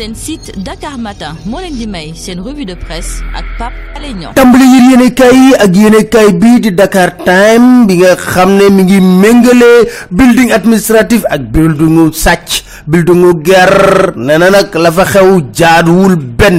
sen site Dakar Matin molen len di may sen revue de presse ak Pape Alé Niang tàmbali yi yéenekaay yi ak yéenekaay di Dakar Time bi nga xamne mi ngi mengale building administratif ak buildingu sàcc buildingu ger nee nena nak la fa xew ben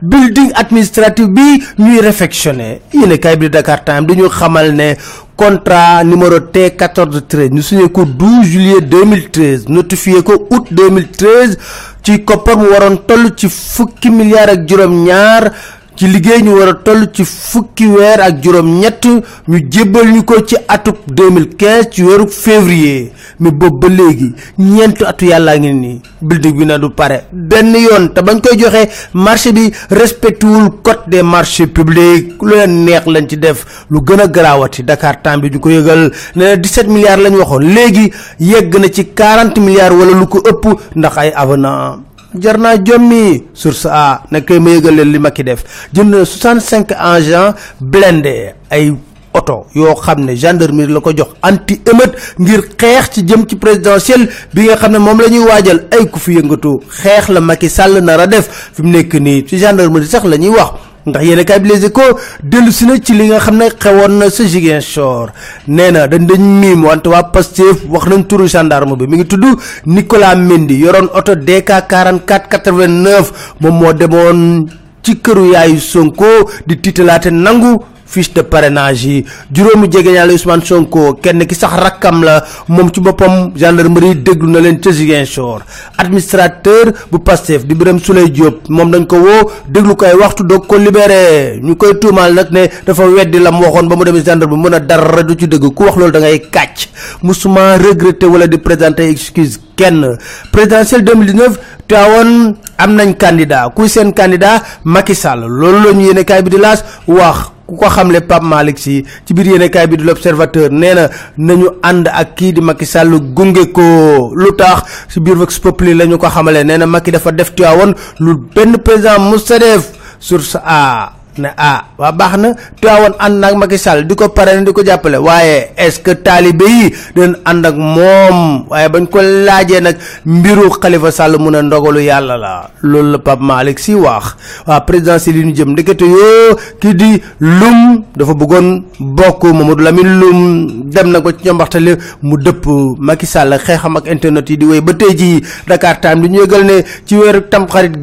building administratif bi ñuy réfectionné kay bi Dakar Time dañu xamal ne contrat numéro T14 13 ñu signé ko 12 juillet 2013 notifié ko août 2013 ci koppar mu waroon toll ci fukki milliards ak juroom ñaar ci liggéey ñu war a toll ci fukki weer ak juróom ñett ñu jébbal ñu ko ci atub 2015 ci weeru février mi boobu ba léegi ñeent atu yàllaa ngi nii building bi na du pare benn yoon te bañ koy joxe marché bi respectewul code des marchés publics lu leen neex lañ ci def lu gën a garaawati Dakar temps bi ñu ko yëgal ne na 17 milliards lañ waxoon léegi yegg na ci 40 milliards wala lu ko ëpp ndax ay avenant jarna naa jommi source a ne kay li makki def jënd 65 agents blindés ay auto yo xamne gendarmerie la jox anti émeute ngir xex ci jëm ci présidentiel bi nga xamne mom lañuy wajal ay ku fi yëngatu xex la Macky Sall nara def fim nek ni ci gendarmerie sax lañuy wax ndax yene kay bilesi ko delusi na ci li nga xamne xewon na sa jigen shor neena dañ dañ mim wante wa pastef wax nañ turu gendarme bi mi ngi tuddu nicolas mendy yoron auto dk 44 mom mo demone ci keuru yaayu sonko di titalate nangu fiche de parrainage yi juróomu jege yàlla Ousmane Sonko kenn ki sax rakkam la moom ci boppam gendarmerie déglu na leen administrateur bu Pastef di Birame Souley Diop moom dañ ko woo déglu ko ay waxtu doog ko libéré ñu koy tuumaal nag ne dafa weddi lam waxoon ba mu demee gendarme mën a dara du ci dëgg ku wax loolu da ngay kàcc musuma regretter wala di présenter excuse kenn présidentiel 2019 teewoon am nañ candidat kuy seen candidat Macky Sall loolu la ñu yéene kaay bi di laas wax ku ko xamle Pape Malick si ci yene kay bi du l'observateur neena nañu and ak ki di Macky Sall gungé ko lutax ci bir vox populi lañu ko xamalé neena Macky dafa def tiawon lu ben président Moussa source A ne ah wa baax na tuawon ànd ak Macky Sall di ko parene di ko jàppale waaye est ce que taalibe yi den ànd ak moom waaye bañ ko laajee nag mbiru Khalifa Sall mu ne ndogalu la loolu la Pape Malick si wax waa présidentiel jëm ndekete ki di lum dafa bëggoon bokk lum dem na ko ci ñombaxtale mu dëpp Macky Sall xeexam ak internet yi di wéy ba Dakar Time di ñu ne ci weeru tam xarit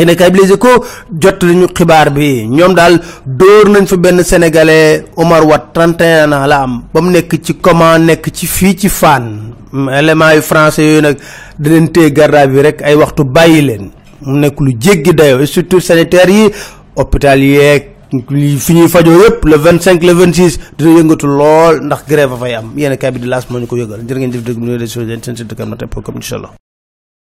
yene kay bi les échos jot lañu xibaar bi ñoom daal dóor nañ fa benn sénégalais omar wat 31 ans la am ba mu ci comment nekk ci fii ci fan élément yu français yooyu nag da leen téye garda bi rek ay waxtu bàyyi leen mu nekk lu jéggi dayo surtout sanitaire yi hôpital yeeg fi ñuy fajoo yépp le 25 le 26 dina yëngatu lool ndax grève fay am yene kay bi di laas moo ñu ko yëgal kam na